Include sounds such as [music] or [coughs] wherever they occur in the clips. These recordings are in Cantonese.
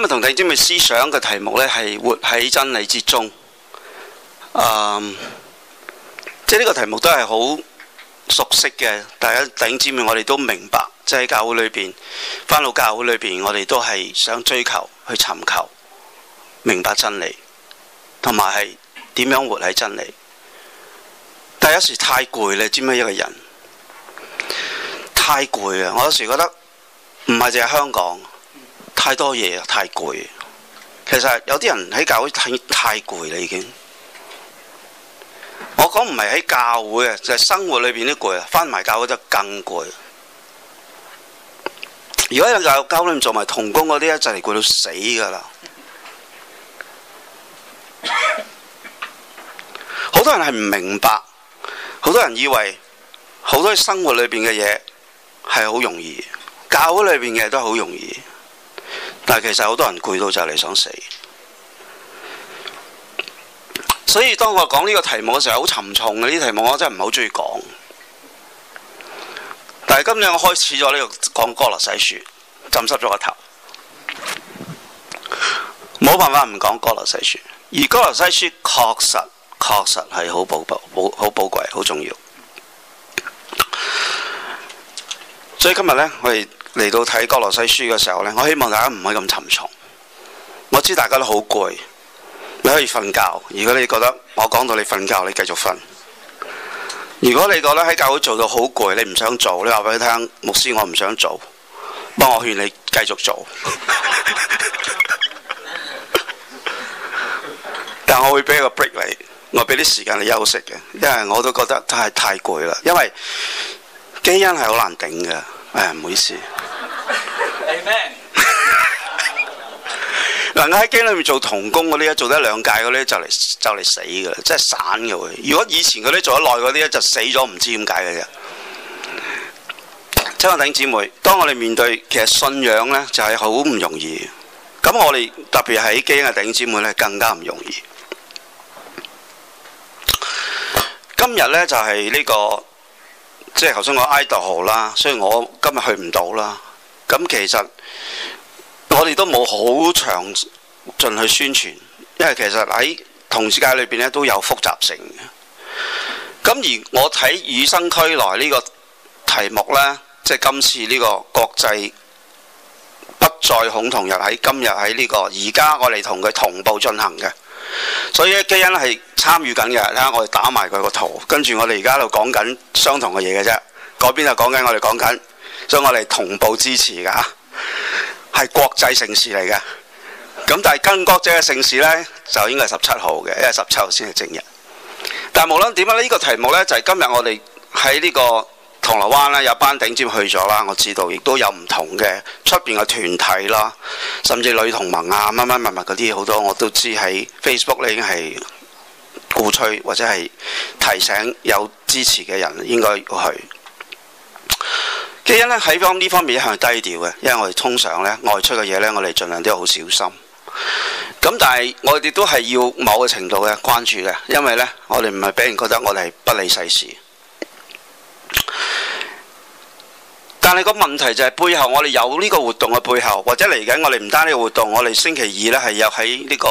今日同弟兄姊妹思想嘅題目呢，係活喺真理之中。嗯，um，即係呢個題目都係好熟悉嘅，大家弟兄姊妹我哋都明白，即係喺教會裏邊，翻到教會裏邊，我哋都係想追求、去尋求、明白真理，同埋係點樣活喺真理。但有時太攰，你知唔知一個人？太攰啊！我有時覺得唔係淨係香港。太多嘢，太攰。其實有啲人喺教會太太攰啦，已經。我講唔係喺教會呀，就係、是、生活裏邊啲攰啊，翻埋教會就更攰。如果喺教會裏面做埋童工嗰啲一陣嚟攰到死噶啦。好 [coughs] 多人係唔明白，好多人以為好多生活裏邊嘅嘢係好容易的，教會裏邊嘅都好容易。但其實好多人攰到就係你想死，所以當我講呢個題目嘅時候，好沉重嘅啲題目，我真係唔係好中意講。但係今日我開始咗呢、這個講《歌羅西書》，浸濕咗個頭，冇辦法唔講《歌羅西書》，而《歌羅西書》確實確實係好寶寶寶好寶貴、好重要。所以今日呢，我哋。嚟到睇歌羅西書嘅時候呢，我希望大家唔可以咁沉重。我知大家都好攰，你可以瞓覺。如果你覺得我講到你瞓覺，你繼續瞓。如果你覺得喺教會做到好攰，你唔想做，你話俾佢聽，牧師我唔想做。幫我勸你繼續做， [laughs] 但我會俾個 break 你，我俾啲時間你休息嘅，因為我都覺得太太攰啦。因為基因係好難頂嘅，誒唔好意思。嗱，我喺基恩裏面做童工嗰啲咧，做得一兩屆嗰啲就嚟就嚟死噶啦，即係散噶。如果以前嗰啲做得耐嗰啲咧，就死咗，唔知點解嘅啫。親愛的弟兄姊妹，當我哋面對其實信仰咧，就係好唔容易。咁我哋特別喺基恩嘅弟兄姊妹咧，更加唔容易。今日咧就係呢個，即係頭先我埃度河啦，所以我今日去唔到啦。咁其實。我哋都冇好長進去宣傳，因為其實喺同事界裏邊咧都有複雜性嘅。咁而我睇與生俱來呢個題目呢，即係今次呢個國際不再恐同日喺今日喺呢個而家我哋同佢同步進行嘅，所以基恩係參與緊嘅。睇下我哋打埋佢個圖，跟住我哋而家喺度講緊相同嘅嘢嘅啫，嗰邊就講緊我哋講緊，所以我哋同步支持嘅啊。係國際城市嚟嘅，咁但係更國際嘅城市呢，就應該係十七號嘅，因為十七號先係正日。但無論點樣咧，呢個題目呢，就係今日我哋喺呢個銅鑼灣呢，有班頂尖去咗啦，我知道，亦都有唔同嘅出邊嘅團體啦，甚至女同盟啊、乜乜乜乜嗰啲好多我都知喺 Facebook 呢，已經係鼓吹或者係提醒有支持嘅人應該要去。嘅因呢，喺方呢方面一向係低調嘅，因為我哋通常呢外出嘅嘢呢，我哋盡量都要好小心。咁但係我哋都係要某個程度嘅關注嘅，因為呢，我哋唔係俾人覺得我哋係不理世事。但係個問題就係、是、背後我哋有呢個活動嘅背後，或者嚟緊我哋唔單止活動，我哋星期二呢係有喺呢、這個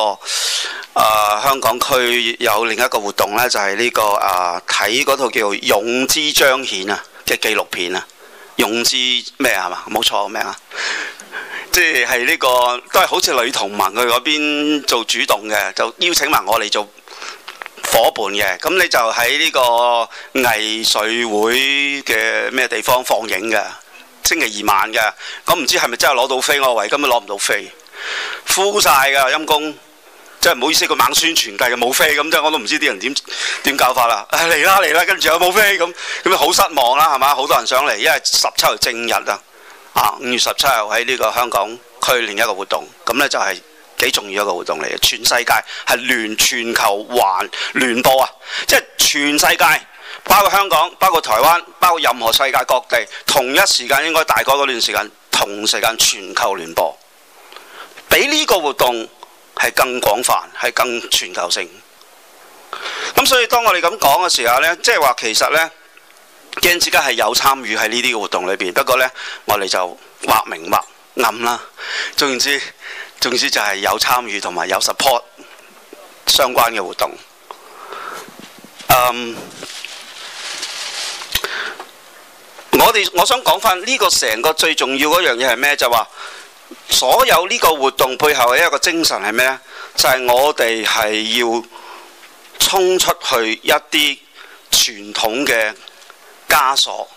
啊、呃、香港區有另一個活動呢就係、是、呢、這個啊睇嗰套叫做《勇之彰顯》啊嘅紀錄片啊。勇士咩啊？係嘛？冇錯，咩？啊、就是！即係係呢個都係好似女同盟佢嗰邊做主動嘅，就邀請埋我嚟做伙伴嘅。咁你就喺呢個藝水會嘅咩地方放映嘅？星期二晚嘅。咁唔知係咪真係攞到飛？我以為根本攞唔到飛，敷晒㗎陰公。即係唔好意思，佢猛宣傳計嘅冇飛咁，即係我都唔知啲人點點搞法啦。嚟啦嚟啦，跟住又冇飛咁，咁好失望啦，係嘛？好多人上嚟，因為十七號正日啊，啊，五月十七號喺呢個香港區另一個活動，咁呢就係、是、幾重要一個活動嚟嘅。全世界係聯全球環聯播啊！即係全世界，包括香港，包括台灣，包括任何世界各地，同一時間應該大概嗰段時間，同時間全球聯播，俾呢個活動。係更廣泛，係更全球性。咁所以當我哋咁講嘅時候呢，即係話其實呢，基恩之家係有參與喺呢啲活動裏邊。不過呢，我哋就話明話暗啦。總言之，總之就係有參與同埋有 support 相關嘅活動。Um, 我哋我想講翻呢個成個最重要嗰樣嘢係咩？就話、是。所有呢個活動背後嘅一個精神係咩？就係我哋係要衝出去一啲傳統嘅枷鎖，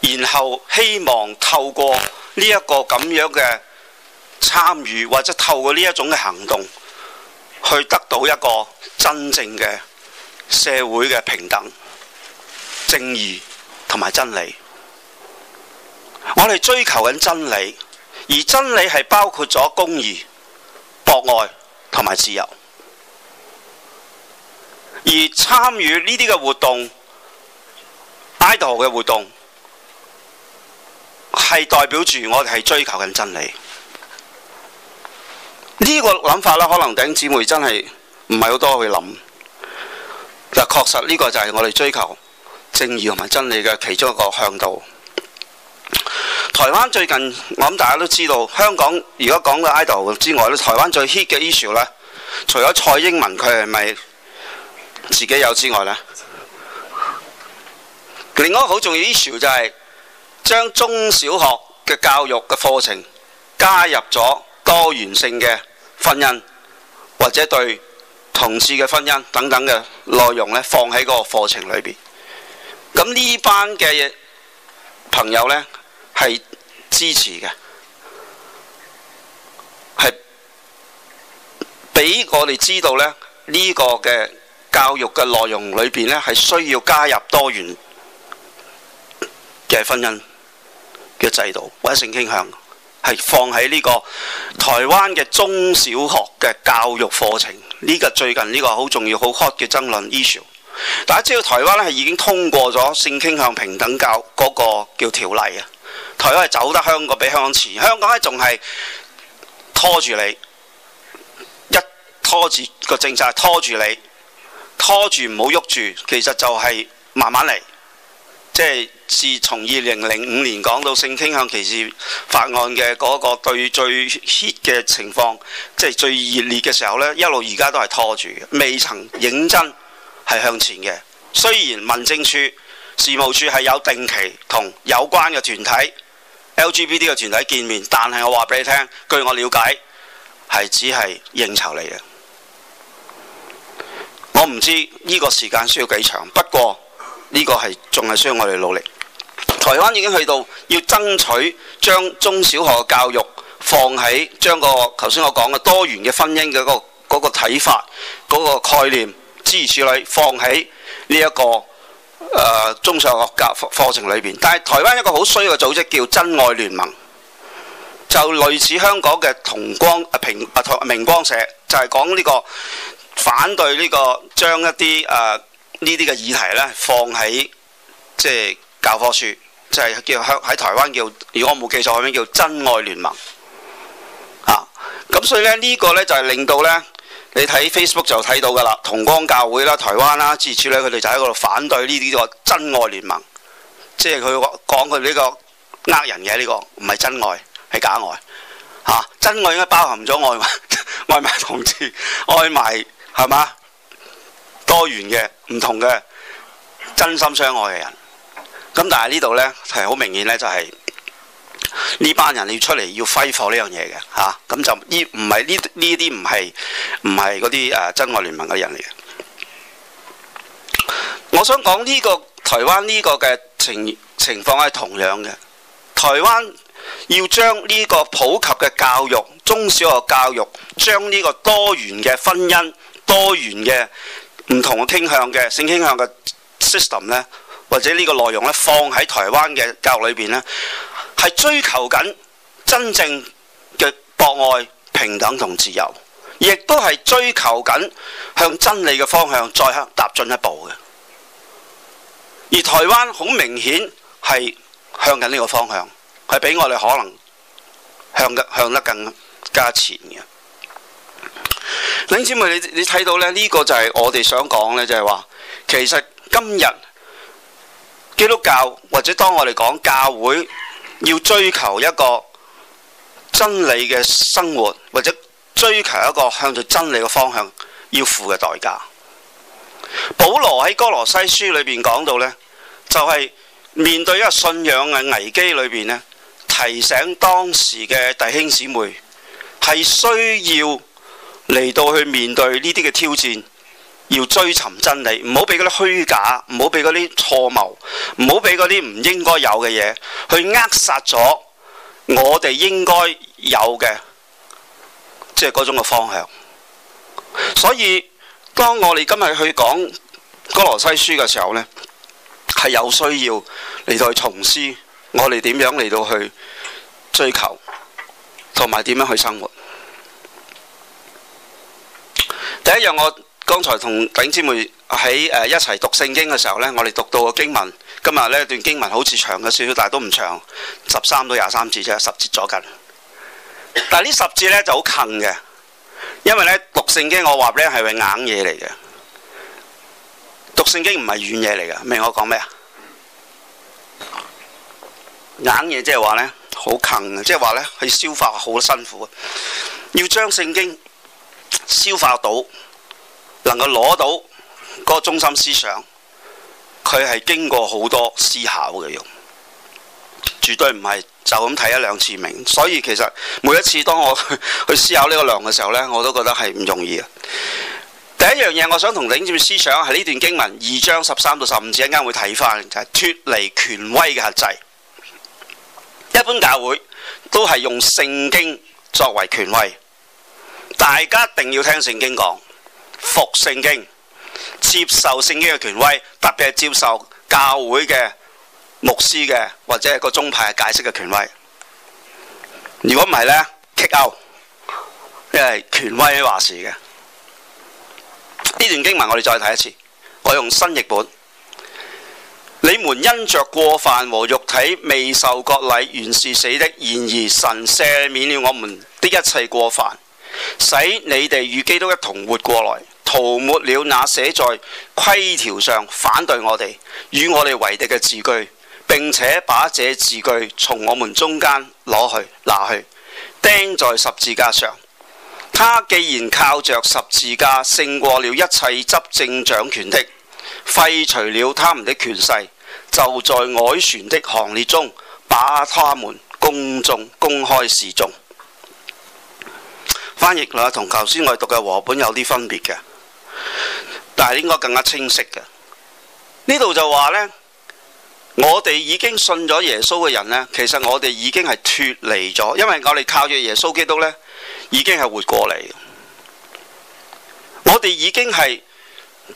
然後希望透過呢一個咁樣嘅參與，或者透過呢一種嘅行動，去得到一個真正嘅社會嘅平等、正義同埋真理。我哋追求緊真理。而真理係包括咗公義、博愛同埋自由。而參與呢啲嘅活動、Idol 嘅活動，係代表住我哋係追求緊真理。呢、呢個諗法可能頂姊妹真係唔係好多去諗。但確實呢個就係我哋追求正義同埋真理嘅其中一個向度。台灣最近我諗大家都知道，香港如果講到 idol 之外咧，台灣最 hit 嘅 issue 咧，除咗蔡英文佢係咪自己有之外咧，另外一個好重要的 issue 就係、是、將中小學嘅教育嘅課程加入咗多元性嘅婚姻或者對同志嘅婚姻等等嘅內容咧，放喺個課程裏面。咁呢班嘅朋友咧。係支持嘅，係俾我哋知道呢、呢個嘅教育嘅內容裏面咧，係需要加入多元嘅婚姻嘅制度或者性傾向，係放喺呢個台灣嘅中小學嘅教育課程呢、呢個最近呢個好重要好 hot 嘅爭論 issue。大家知道台灣咧係已經通過咗性傾向平等教嗰、嗰個叫條例啊。佢係走得香港比香港前，香港咧仲係拖住你，一拖住個政策係拖住你，拖住唔好喐住，其實就係慢慢嚟。即係自從二零零五年講到性傾向歧視法案嘅嗰個對最 hit 嘅情況，即係最熱烈嘅時候呢一路而家都係拖住，未曾認真係向前嘅。雖然民政處、事務處係有定期同有關嘅團體。LGBT 嘅團體見面，但係我話俾你聽，據我了解係只係應酬嚟嘅。我唔知呢個時間需要幾長，不過呢個係仲係需要我哋努力。台灣已經去到要爭取將中小學嘅教育放喺將個頭先我講嘅多元嘅婚姻嘅嗰嗰個睇法、嗰個概念諸如此類放喺呢一個。誒、呃、中上學教課程裏邊，但係台灣一個好衰嘅組織叫真愛聯盟，就類似香港嘅同光平啊平啊明光社，就係、是、講呢、這個反對呢、這個將一啲誒呢啲嘅議題呢放喺即係教科書，即、就、係、是、叫香喺台灣叫，如果我冇記錯，叫真愛聯盟咁、啊、所以呢，呢、這個呢就係、是、令到呢。你睇 Facebook 就睇到噶啦，同光教會啦、台灣啦，至此咧佢哋就喺嗰度反對呢啲個真愛聯盟，即係佢講佢呢個呃人嘅呢個，唔係、呢個、真愛係假愛嚇、啊。真愛應該包含咗愛、愛埋 [laughs] 同志，愛埋係嘛多元嘅唔同嘅真心相愛嘅人。咁但係呢度咧係好明顯咧，就係、係。呢班人要出嚟要揮霍呢樣嘢嘅吓，咁、啊、就呢唔係呢呢啲唔係唔係嗰啲誒真愛聯盟嘅人嚟嘅。我想講呢、呢個台灣呢個嘅情情況係同樣嘅。台灣要將呢個普及嘅教育，中小學的教育，將呢個多元嘅婚姻、多元嘅唔同嘅傾向嘅性傾向嘅 system 咧，或者呢個內容咧放喺台灣嘅教育裏邊咧。係追求緊真正嘅博愛、平等同自由，亦都係追求緊向真理嘅方向再向踏進一步嘅。而台灣好明顯係向緊呢個方向，係畀我哋可能向向得更加前嘅。林姐妹你你睇到呢呢、呢個就係我哋想講呢，就係話其實今日基督教或者當我哋講教會。要追求一個真理嘅生活，或者追求一個向住真理嘅方向，要付嘅代價。保羅喺哥羅西書裏邊講到呢就係、是、面對一個信仰嘅危機裏邊，提醒當時嘅弟兄姊妹係需要嚟到去面對呢啲嘅挑戰。要追尋真理，唔好俾嗰啲虛假，唔好俾嗰啲錯謀，唔好俾嗰啲唔應該有嘅嘢去扼殺咗我哋應該有嘅，即係嗰種嘅方向。所以當我哋今日去講哥羅西書嘅時候呢，係有需要嚟到去重思我哋點樣嚟到去追求，同埋點樣去生活。第一樣我。剛才同頂姐妹喺誒一齊讀聖經嘅時候呢，我哋讀到個經文，今日呢段經文好似長嘅少少，但係都唔長，十三到廿三節啫，十節左近。但係呢十節呢就好啃嘅，因為呢，讀聖經我話咧係硬嘢嚟嘅，讀聖經唔係軟嘢嚟嘅。明我講咩啊？硬嘢即係話呢，好啃，即係話呢，佢消化好辛苦啊，要將聖經消化到。能夠攞到嗰個中心思想，佢係經過好多思考嘅，用絕對唔係就咁睇一兩次明。所以其實每一次當我去，去思考呢個糧嘅時候呢，我都覺得係唔容易的第一樣嘢，我想同領尖思想係呢段經文二章十三到十五節一間會睇返，就係、是、脫離權威嘅轄制。一般教會都係用聖經作為權威，大家一定要聽聖經講。服聖經，接受聖經嘅權威，特別係接受教會嘅牧師嘅或者係個宗派解釋嘅權威。如果唔係呢，棘拗，因為權威話事嘅。呢段經文我哋再睇一次，我用新譯本。你們因着過犯和肉體未受割禮，原是死的；然而神赦免了我們的一切過犯，使你哋與基督一同活過來。塗抹了那寫在規條上反對我哋與我哋為敵嘅字據，並且把這字據從我們中間攞去拿去釘在十字架上。他既然靠着十字架勝過了一切執政掌權的，廢除了他們的權勢，就在凱旋的行列中把他們公眾公開示眾。翻譯啊，同頭先我哋讀嘅和本有啲分別嘅。但係應該更加清晰嘅，呢度就話呢，我哋已經信咗耶穌嘅人呢，其實我哋已經係脫離咗，因為我哋靠住耶穌基督呢，已經係活過嚟。我哋已經係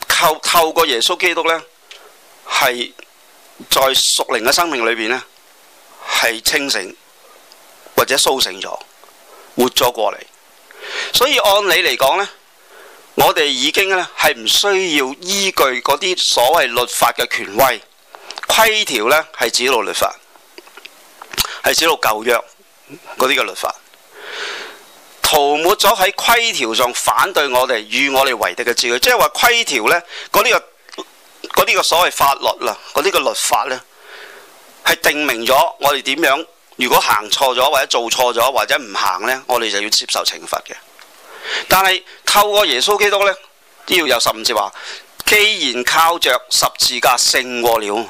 透透過耶穌基督呢，係在屬靈嘅生命裏邊呢，係清醒或者甦醒咗，活咗過嚟。所以按理嚟講呢。我哋已經咧係唔需要依據嗰啲所謂律法嘅權威、規條呢係指路律法，係指路舊約嗰啲嘅律法，塗抹咗喺規條上反對我哋與我哋為敵嘅字據。即係話，規條呢，嗰啲個啲個所謂法律啦，嗰啲個律法呢係定明咗我哋點樣，如果行錯咗或者做錯咗或者唔行呢，我哋就要接受懲罰嘅。但係透過耶穌基督呢，都要有十五節話。既然靠着十字架勝過了，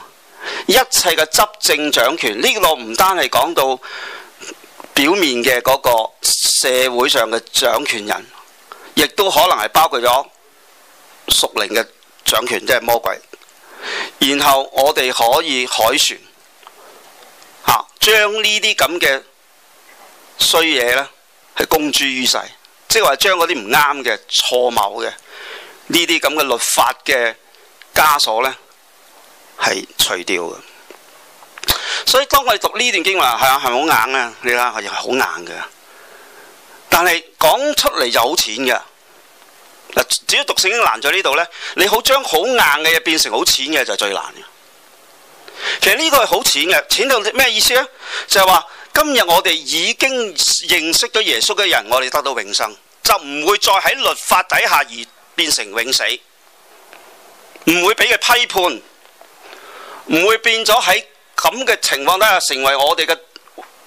一切嘅執政掌權呢個唔單係講到表面嘅嗰個社會上嘅掌權人，亦都可能係包括咗屬靈嘅掌權，即係魔鬼。然後我哋可以凱旋吓，將呢啲咁嘅衰嘢呢，係公諸於世。即係話將嗰啲唔啱嘅、錯謬嘅呢啲咁嘅律法嘅枷鎖呢，係除掉嘅。所以當我哋讀呢段經話係啊，係咪好硬啊？你睇係好硬嘅。但係講出嚟，就好淺嘅。只要讀聖經，難在呢度呢，你好將好硬嘅嘢變成好淺嘅，就係最難嘅。其實呢個係好淺嘅，淺到咩意思咧？就係話今日我哋已經認識咗耶穌嘅人，我哋得到永生。就唔會再喺律法底下而變成永死，唔會俾佢批判，唔會變咗喺咁嘅情況底下成為我哋嘅，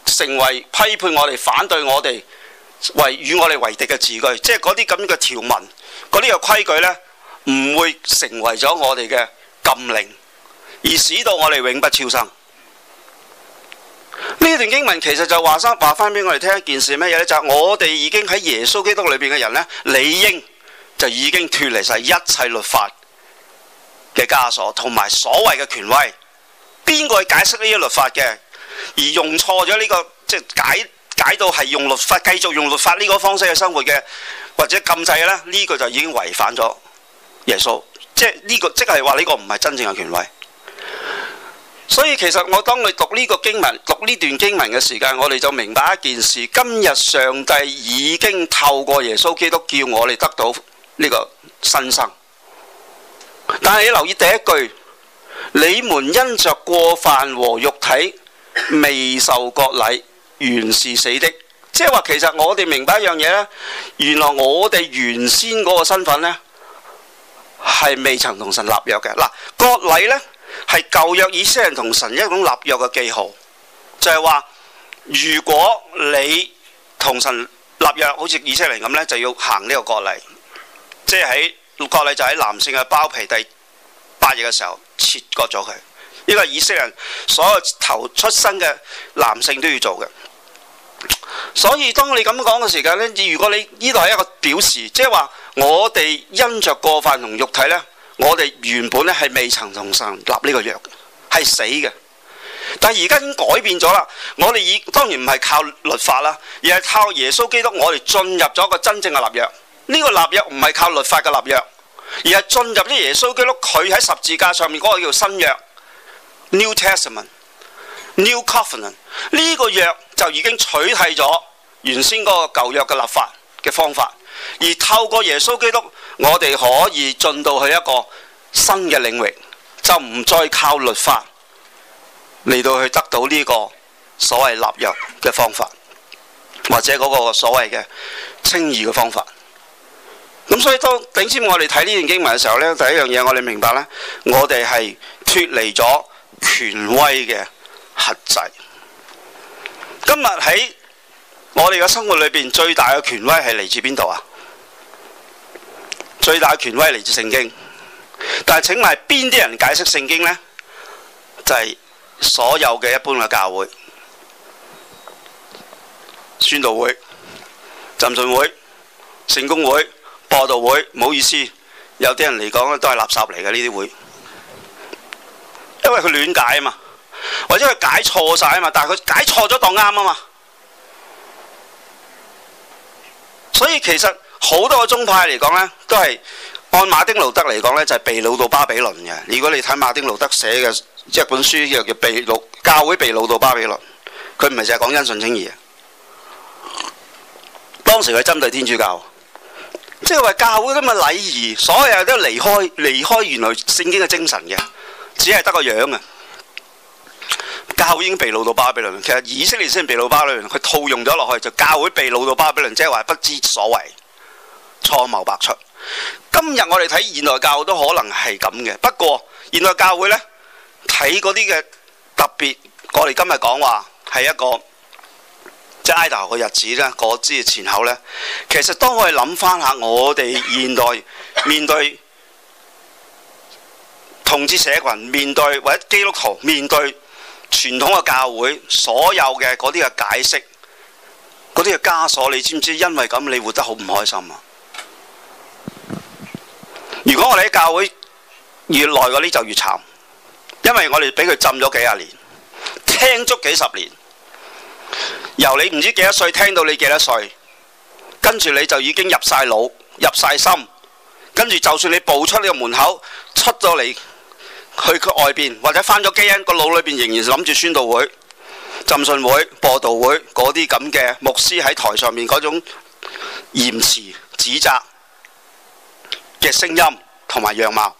成為批判我哋、反對我哋、為與我哋為敵嘅字句，即係嗰啲咁嘅條文、嗰啲嘅規矩呢，唔會成為咗我哋嘅禁令，而使到我哋永不超生。呢段經文其實就話翻話翻俾我哋聽一件事咩嘢呢？就係、是、我哋已經喺耶穌基督裏邊嘅人呢，理應就已經脱離晒一切律法嘅枷鎖，同埋所謂嘅權威。邊個係解釋呢啲律法嘅？而用錯咗呢、這個，即係解解到係用律法，繼續用律法呢個方式去生活嘅，或者禁制咧？呢、這個就已經違反咗耶穌，即係呢、這個即係話呢個唔係真正嘅權威。所以其實我當你讀呢個經文，讀呢段經文嘅時間，我哋就明白一件事：今日上帝已經透過耶穌基督叫我哋得到呢個新生。但係你留意第一句：你們因着過犯和肉體未受割禮，原是死的。即係話，其實我哋明白一樣嘢呢，原來我哋原先嗰個身份呢係未曾同神立約嘅。嗱，割禮呢，係舊約以色列人同神一種立約嘅記號，就係、是、話如果你同神立約，好似以色列人咁呢，就要行呢個割禮。即係喺割禮就喺、是、男性嘅包皮第八日嘅時候切割咗佢。呢個以色列人所有頭出生嘅男性都要做嘅。所以當你咁講嘅時間呢，如果你呢度係一個表示，即係話我哋因着過犯同肉體呢。我哋原本咧係未曾同神立呢個約，係死嘅。但係而家已經改變咗啦，我哋以當然唔係靠律法啦，而係靠耶穌基督，我哋進入咗一個真正嘅立約。呢、呢個立約唔係靠律法嘅立約，而係進入啲耶穌基督，佢喺十字架上面嗰個叫新約 （New Testament, New Covenant）。呢個約就已經取代咗原先嗰個舊約嘅立法嘅方法，而透過耶穌基督。我哋可以進到去一個新嘅領域，就唔再靠律法嚟到去得到呢個所謂納入嘅方法，或者嗰個所謂嘅稱義嘅方法。咁所以當頭先我哋睇呢段經文嘅時候呢，第一樣嘢我哋明白呢，我哋係脫離咗權威嘅轄制。今日喺我哋嘅生活裏邊，最大嘅權威係嚟自邊度啊？最大權威嚟自聖經，但係請埋邊啲人解釋聖經呢？就係、是、所有嘅一般嘅教會、宣道會、浸信會、聖公會、播道會，唔好意思，有啲人嚟講都係垃圾嚟嘅呢啲會，因為佢亂解啊嘛，或者佢解錯晒啊嘛，但係佢解錯咗當啱啊嘛，所以其實。好多個宗派嚟講呢，都係按馬丁路德嚟講呢，就係、是、被擄到巴比倫嘅。如果你睇馬丁路德寫嘅一本書，叫做《被教會被擄到巴比倫》，佢唔係淨係講因信稱義啊。當時佢針對天主教，即係話教會啲咁嘅禮儀，所有人都離開離開原來聖經嘅精神嘅，只係得個樣啊。教會已經被擄到巴比倫，其實以色列先被擄巴比倫，佢套用咗落去就教會被擄到巴比倫，即係話不知所謂。錯謬百出。今日我哋睇現代教會都可能係咁嘅，不過現代教會呢，睇嗰啲嘅特別，我哋今日講話係一個即係哀悼嘅日子呢，嗰之前後呢。其實當我哋諗返下，我哋現代面對同志社群面對或者基督徒面對傳統嘅教會，所有嘅嗰啲嘅解釋，嗰啲嘅枷鎖，你知唔知？因為咁，你活得好唔開心啊！如果我哋喺教會越耐，嗰啲就越慘，因為我哋俾佢浸咗幾廿年，聽足幾十年，由你唔知幾多歲聽到你幾多歲，跟住你就已經入晒腦、入晒心，跟住就算你步出呢個門口出咗嚟，去佢外邊或者返咗基恩，個腦裏邊仍然諗住宣道會、浸信會、播道會嗰啲咁嘅牧師喺台上面嗰種嚴詞指責。嘅聲音同埋樣貌，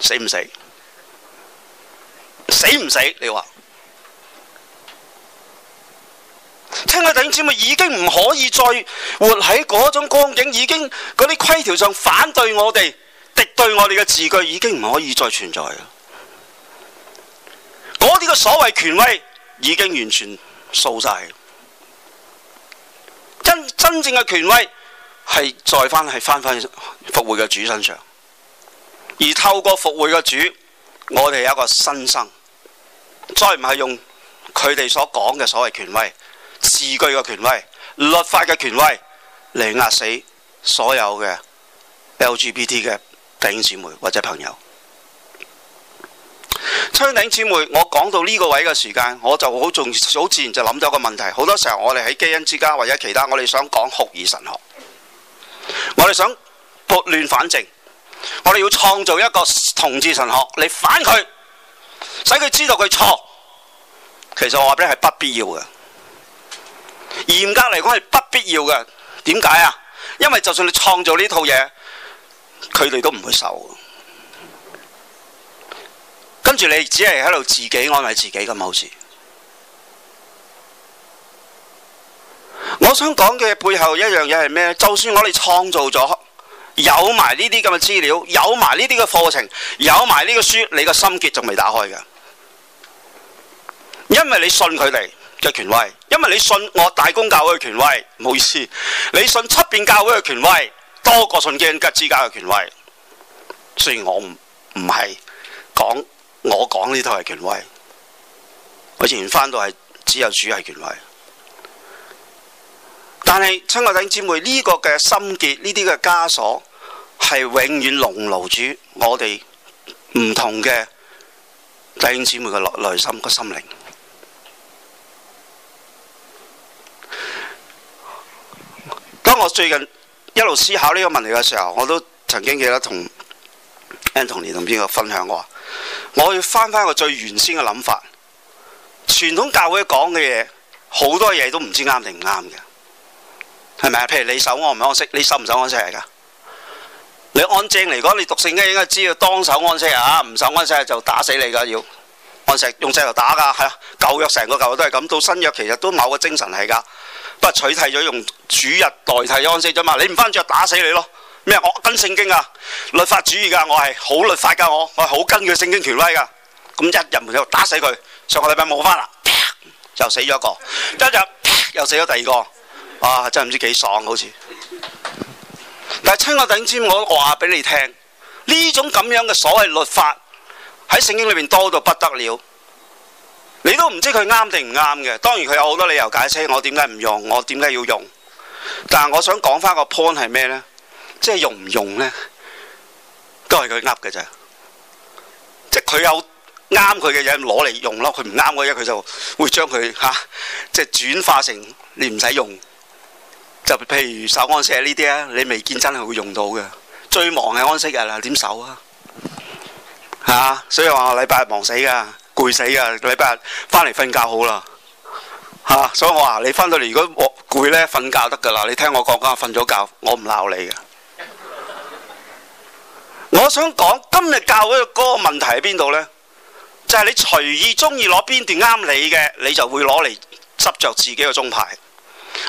死唔死？死唔死？你話？聽我弟兄姊妹已經唔可以再活喺嗰種光景，已經嗰啲規條上反對我哋、敵對我哋嘅字句，已經唔可以再存在啦。嗰啲嘅所謂權威已經完全掃晒，真真正嘅權威。係再返，係返返復活嘅主身上，而透過復活嘅主，我哋有一個新生，再唔係用佢哋所講嘅所謂權威、字句嘅權威、律法嘅權威嚟壓死所有嘅 LGBT 嘅弟兄姊妹或者朋友。崔鼎姊妹，我講到呢個位嘅時間，我就好重好自然就諗到一個問題。好多時候我哋喺基恩之家或者其他，我哋想講酷兒神學。我哋想撥亂反正，我哋要創造一個同志神學嚟反佢，使佢知道佢錯。其實我話俾你係不必要嘅，嚴格嚟講係不必要嘅。點解啊？因為就算你創造呢套嘢，佢哋都唔會受的。跟住你只係喺度自己安慰自己咁，好似。我想講嘅背後一樣嘢係咩？就算我哋創造咗有埋呢啲咁嘅資料，有埋呢啲嘅課程，有埋呢個書，你個心結仲未打開嘅，因為你信佢哋嘅權威，因為你信我大公教會嘅權威，唔好意思，你信出邊教會嘅權威多過信基恩之家嘅權威。雖然我唔唔係講我講呢套係權威，我以前翻到係只有主係權威。但係，親愛弟兄姊妹，呢、這個嘅心結，呢啲嘅枷鎖，係永遠籠牢住我哋唔同嘅弟兄姊妹嘅內內心個心靈。當我最近一路思考呢個問題嘅時候，我都曾經記得同 Antony 同邊個分享過。我要返返個最原先嘅諗法，傳統教會講嘅嘢，好多嘢都唔知啱定唔啱嘅。係咪啊？譬如你守安唔安息，你守唔守安息嚟噶？你安正嚟講，你讀聖經應該知要當守安息啊！唔守安息就打死你噶，要按石用石頭打噶，係啊！舊約成個舊約都係咁，到新約其實都冇個精神係噶，不過取替咗用主日代替安息啫嘛。你唔翻著打死你咯？咩？我跟聖經噶，律法主義噶，我係好律法噶，我我好跟佢聖經權威噶。咁一入門就打死佢，上個禮拜冇翻啦，就死咗一個，跟住又死咗第二個。啊，真係唔知幾爽，好似。但係，親我頂尖，我話俾你聽，呢種咁樣嘅所謂律法喺聖經裏面多到不得了。你都唔知佢啱定唔啱嘅。當然佢有好多理由解釋我點解唔用，我點解要用。但係我想講翻個 point 係咩呢？即係用唔用呢？都係佢噏嘅啫。即係佢有啱佢嘅嘢攞嚟用咯，佢唔啱嘅嘢佢就會將佢嚇、啊、即係轉化成你唔使用，用。就譬如守安息呢啲啊，你未見真係會用到嘅。最忙嘅安息日啦，點守啊？嚇、啊！所以話我禮拜日忙死㗎，攰死㗎。禮拜日翻嚟瞓覺好啦。嚇、啊！所以我話你翻到嚟如果攰咧瞓覺得㗎啦。你聽我講講，我瞓咗覺，我唔鬧你嘅。我想講今日教嗰個歌問題喺邊度呢？就係、是、你隨意中意攞邊段啱你嘅，你就會攞嚟執着自己嘅鐘牌。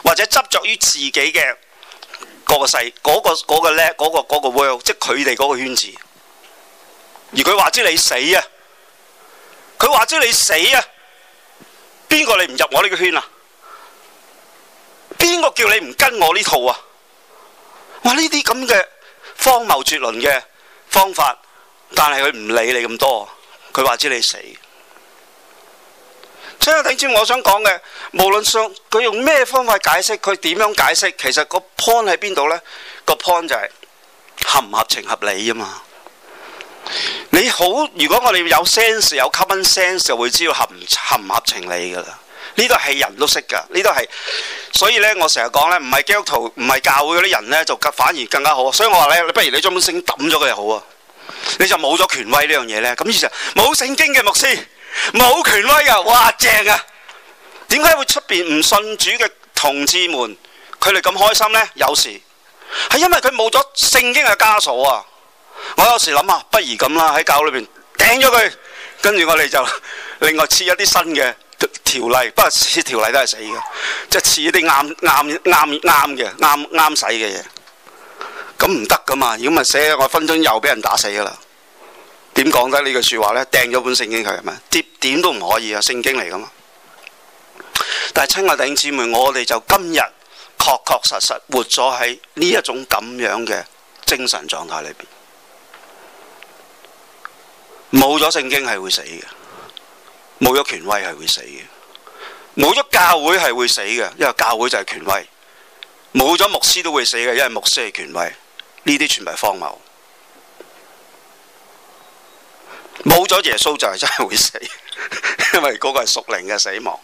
或者執着於自己嘅嗰個世，嗰、嗰個嗰、嗰個咧，嗰、嗰個嗰、嗰個嗰個嗰個 world，即係佢哋嗰個圈子。而佢話知你死啊！佢話知你死啊！邊個你唔入我呢個圈啊？邊個叫你唔跟我呢套啊？哇，呢啲咁嘅荒謬絕倫嘅方法，但係佢唔理你咁多，佢話知你死。所以頂住我想講嘅，無論上佢用咩方法解釋，佢點樣解釋，其實個 point 喺邊度呢？個 point 就係合唔合情合理啊嘛！你好，如果我哋有 sense 有 common sense，就會知道合唔合唔合情理噶啦。呢度係人都識噶，呢度係。所以呢，我成日講呢，唔係基督徒，唔係教會嗰啲人呢，就反而更加好。所以我話呢，你不如你將本聖經揼咗佢就好啊！你就冇咗權威呢樣嘢呢。咁於是冇聖經嘅牧師。冇權威噶，啊，哇正啊！點解會出邊唔信主嘅同志們，佢哋咁開心呢？有時係因為佢冇咗聖經嘅枷鎖啊！我有時諗啊，不如咁啦，喺教裏邊頂咗佢，跟住我哋就另外設一啲新嘅條例，不過設條例都係死嘅，即係設一啲啱啱啱啱嘅啱啱使嘅嘢，咁唔得噶嘛？如果唔係死，我分鐘又俾人打死噶啦！點講得呢句說話呢？掟咗本聖經佢係咪？跌點都唔可以啊！聖經嚟噶嘛？但係親愛弟兄姊妹，我哋就今日確確實實活咗喺呢一種咁樣嘅精神狀態裏邊，冇咗聖經係會死嘅，冇咗權威係會死嘅，冇咗教會係會死嘅，因為教會就係權威，冇咗牧師都會死嘅，因為牧師係權威，呢啲全部係荒謬。冇咗耶穌就係真係會死，因為嗰個係屬靈嘅死亡，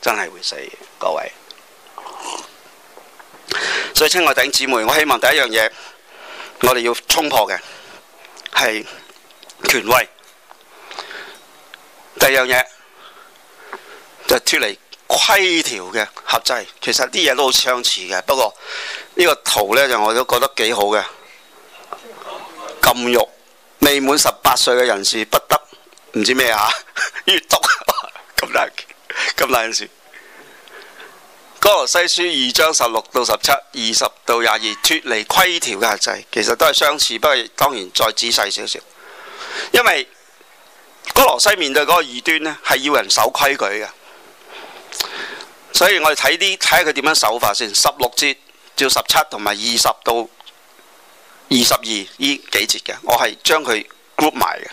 真係會死。各位，所以親愛弟兄姊妹，我希望第一樣嘢我哋要衝破嘅係權威，第二樣嘢就脫離規條嘅合制。其實啲嘢都好相似嘅，不過呢個圖咧就我都覺得幾好嘅，禁慾。未滿十八歲嘅人士不得，唔知咩啊？閱讀咁難，咁難件事。《哥羅西書》二章十六到十七、二十到廿二，脫離規條嘅限制，其實都係相似，不過當然再仔細少少。因為《哥羅西》面對嗰個異端呢，係要人守規矩嘅，所以我哋睇啲睇下佢點樣守法先。十六節照十七同埋二十到。二十二呢幾節嘅，我係將佢 group 埋嘅。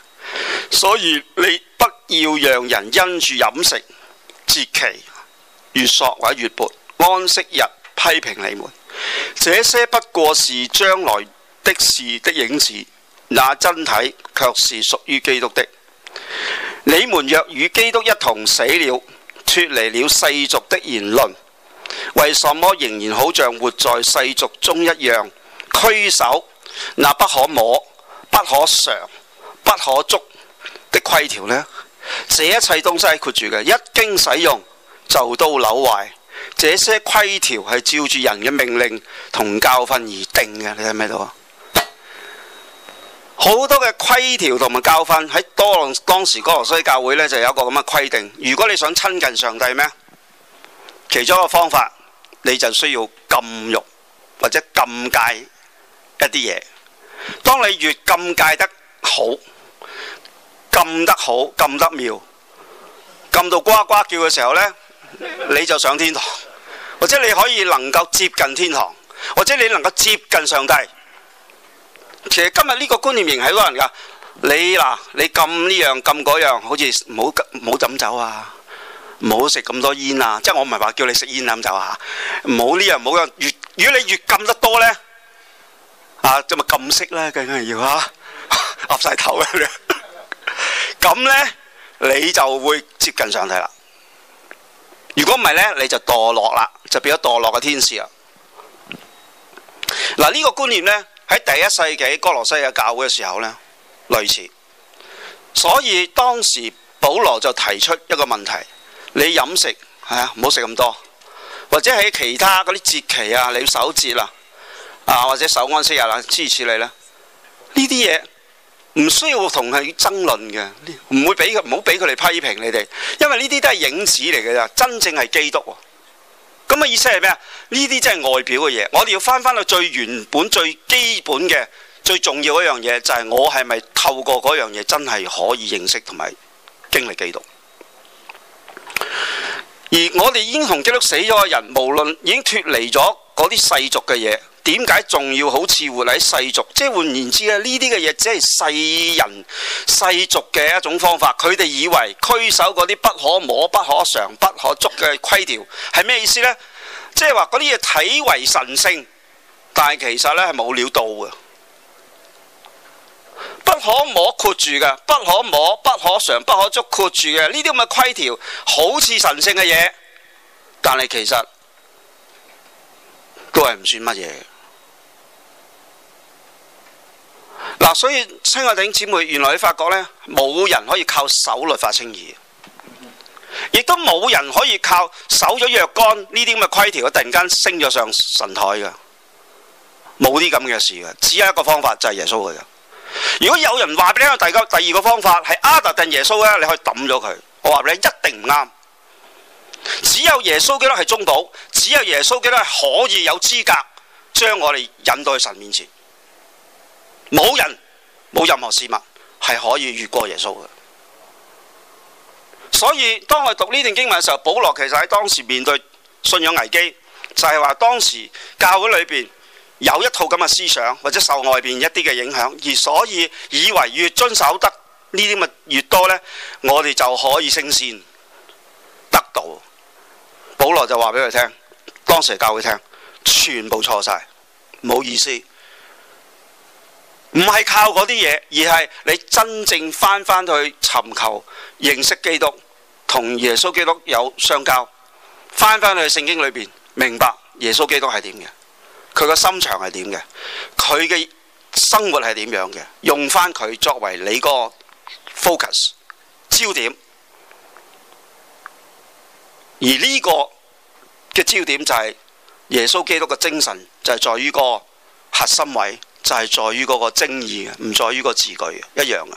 所以你不要讓人因著飲食節期月朔或者越撥安息日批評你們，這些不過是將來的事的影子，那真體卻是屬於基督的。你們若與基督一同死了，脱離了世俗的言論，為什麼仍然好像活在世俗中一樣，拘守那不可摸、不可嘗、不可觸的規條呢，這一切東西係括住嘅，一經使用就都扭壞。這些規條係照住人嘅命令同教訓而定嘅，你睇唔睇到啊？好多嘅規條同埋教訓喺當當時哥羅西教會呢就有一個咁嘅規定，如果你想親近上帝咩？其中一個方法，你就需要禁欲或者禁戒。一啲嘢，當你越禁戒得好，禁得好，禁得妙，禁到呱呱叫嘅時候呢，你就上天堂，或者你可以能夠接近天堂，或者你能夠接近上帝。其實今日呢個觀念仍係多人㗎，你嗱，你禁呢樣禁嗰樣，樣，好似唔好唔好飲酒啊，唔好食咁多煙啊，即係我唔係話叫你食煙飲酒啊，唔好呢樣唔好，越如果你越禁得多呢。啊，即係咪禁食咧？梗係要吓，岌、啊、晒、啊、頭嘅。咁、啊、呢你就會接近上帝啦。如果唔係呢，你就墮落啦，就變咗墮落嘅天使啦。嗱、啊，呢、呢個觀念呢，喺第一世紀哥羅西亞教會嘅時候呢，類似。所以當時保羅就提出一個問題，你飲食係啊，唔好食咁多，或者喺其他嗰啲節期啊，你要守節啦、啊。啊，或者守安息日啦，支持你啦。呢啲嘢唔需要同佢爭論嘅，唔會俾佢唔好俾佢哋批評你哋，因為呢啲都係影子嚟嘅咋，真正係基督。咁嘅意思係咩啊？呢啲真係外表嘅嘢，我哋要翻翻去最原本、最基本嘅最重要一樣嘢，就係我係咪透過嗰樣嘢真係可以認識同埋經歷基督？而我哋已經同基督死咗嘅人，無論已經脱離咗嗰啲世俗嘅嘢。點解仲要好似活喺世俗？即係換言之咧，呢啲嘅嘢只係世人世俗嘅一種方法。佢哋以為拘守嗰啲不可摸、不可嘗、不可捉嘅規條係咩意思呢？即係話嗰啲嘢睇為神聖，但係其實呢係冇料到嘅。不可摸括住嘅，不可摸、不可嘗、不可捉括住嘅呢啲咁嘅規條，好似神聖嘅嘢，但係其實都係唔算乜嘢。嗱、啊，所以親愛嘅弟兄姊妹，原來你發覺呢，冇人可以靠守律法稱義，亦都冇人可以靠守咗若干呢啲咁嘅規條，突然間升咗上神台噶，冇啲咁嘅事噶，只有一個方法就係耶穌噶。如果有人話俾你聽，第個第二個方法係阿達定耶穌呢？你可以抌咗佢。我話你一定唔啱，只有耶穌基督係中保，只有耶穌基督可以有資格將我哋引到去神面前。冇人冇任何事物係可以越過耶穌嘅，所以當我讀呢段經文嘅時候，保羅其實喺當時面對信仰危機，就係、是、話當時教會裏邊有一套咁嘅思想，或者受外邊一啲嘅影響，而所以以為越遵守得呢啲物越多呢，我哋就可以升仙得道。保羅就話俾佢聽，當時教會聽全部錯晒，冇意思。唔係靠嗰啲嘢，而係你真正翻翻去尋求認識基督，同耶穌基督有相交。翻返去聖經裏邊，明白耶穌基督係點嘅，佢個心腸係點嘅，佢嘅生活係點樣嘅，用翻佢作為你個 focus 焦點。而呢個嘅焦點就係耶穌基督嘅精神，就係在於個核心位。就係、是、在於嗰個精義嘅，唔在於個字句嘅，一樣嘅。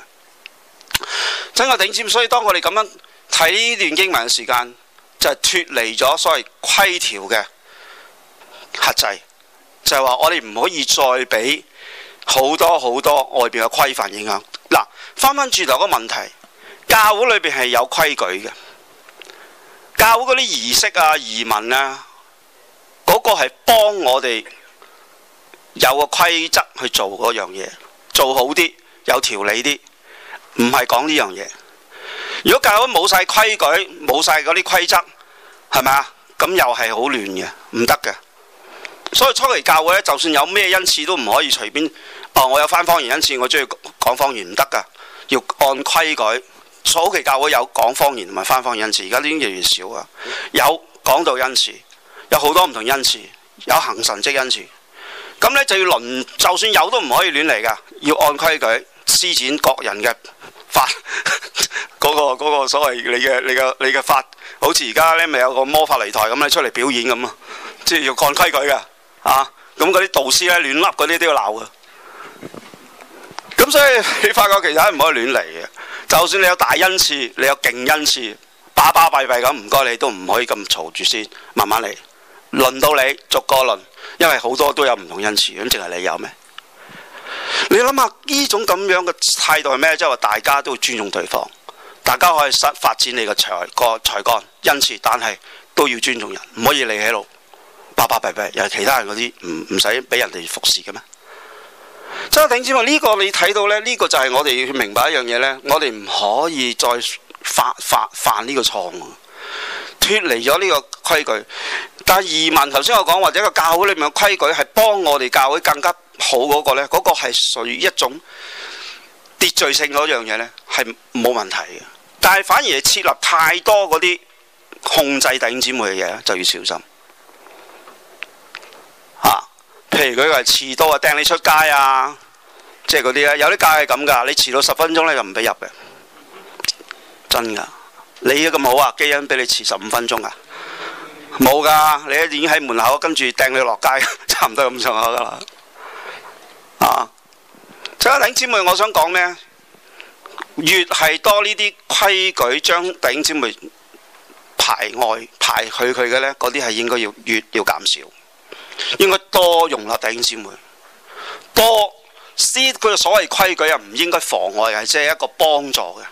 真係頂尖，所以當我哋咁樣睇呢段經文嘅時間，就係、是、脫離咗所謂規條嘅克制，就係、是、話我哋唔可以再俾好多好多外面嘅規範影響。嗱，翻返轉頭個問題，教會裏面係有規矩嘅，教會嗰啲儀式啊、儀文啊，嗰、那個係幫我哋。有個規則去做嗰樣嘢，做好啲，有條理啲，唔係講呢樣嘢。如果教會冇晒規矩，冇晒嗰啲規則，係咪啊？咁又係好亂嘅，唔得嘅。所以初期教會咧，就算有咩恩賜都唔可以隨便。哦，我有翻方言恩賜，我中意講方言唔得噶，要按規矩。早期教會有講方言同埋翻方言恩賜，而家呢啲越嚟越少啊。有講道恩賜，有好多唔同恩賜，有行神跡恩賜。咁咧就要輪，就算有都唔可以亂嚟噶，要按規矩施展各人嘅法。嗰個嗰個所謂你嘅你嘅你嘅法，好似而家咧咪有個魔法擂台咁咧出嚟表演咁啊，即係要講規矩嘅啊。咁嗰啲導師咧亂笠嗰啲都要鬧嘅。咁所以你發覺其實係唔可以亂嚟嘅，就算你有大恩賜，你有勁恩賜，巴巴閉閉咁唔該你都唔可以咁嘈住先，慢慢嚟，輪到你逐個輪。因為好多都有唔同嘅恩賜，咁淨係你有咩？你諗下呢種咁樣嘅態度係咩？即係話大家都要尊重對方，大家可以發展你嘅才，嗰個才幹恩賜，但係都要尊重人，唔可以你喺度巴巴閉閉，又係其他人嗰啲唔唔使俾人哋服侍嘅咩？即係頂住話呢個你睇到咧，呢、呢個就係我哋要明白一樣嘢呢：我哋唔可以再犯犯犯呢個錯啊！脫離咗呢個規矩，但移民問，頭先我講，或者個教會裏面嘅規矩係幫我哋教會更加好嗰個呢，嗰、嗰個係屬於一種秩序性嗰樣嘢呢，係冇問題嘅。但係反而係設立太多嗰啲控制弟兄姊妹嘅嘢咧，就要小心。吓，譬如佢係遲到啊，掟你出街啊，即係嗰啲咧，有啲教會係咁噶，你遲到十分鐘呢，就唔俾入嘅，真噶。你一家咁好啊？基恩俾你遲十五分鐘啊？冇噶，你已經喺門口，跟住掟你落街，差唔多咁上下噶啦。啊！弟兄姊妹，我想講咩？越係多呢啲規矩，將弟兄姊妹排外、排去佢嘅咧，嗰啲係應該要越要減少，應該多融合弟兄姊妹。多施佢所謂規矩啊，唔應該妨礙嘅，即係一個幫助嘅。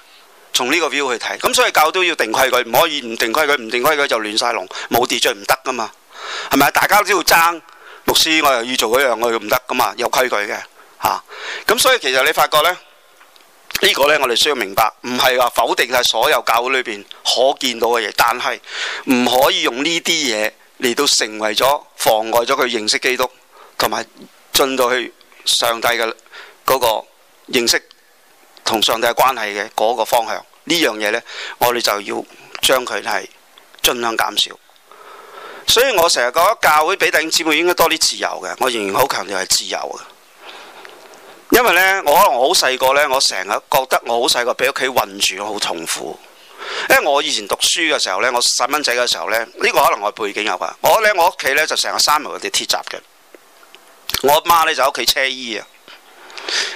從呢個 view 去睇，咁所以教都要定規矩，唔可以唔定規矩，唔定規矩就亂晒龍，冇秩序唔得噶嘛，係咪？大家都要爭，牧師我又要做嗰樣，我又唔得噶嘛，有規矩嘅嚇。咁、啊、所以其實你發覺呢，呢、呢個呢，我哋需要明白，唔係話否定晒所有教會裏邊可見到嘅嘢，但係唔可以用呢啲嘢嚟到成為咗妨礙咗佢認識基督，同埋進到去上帝嘅嗰個認識。同上帝嘅關係嘅嗰個方向，呢樣嘢呢，我哋就要將佢係盡量減少。所以我成日覺得教會俾弟兄姊妹應該多啲自由嘅，我仍然好強調係自由嘅。因為呢，我可能好細個呢，我成日覺得我好細個，俾屋企困住好痛苦。因為我以前讀書嘅時候呢，我細蚊仔嘅時候呢，呢個可能我背景有啊。我呢，我屋企呢，就成日閂埋啲鐵閘嘅，我媽呢，就喺屋企車衣啊。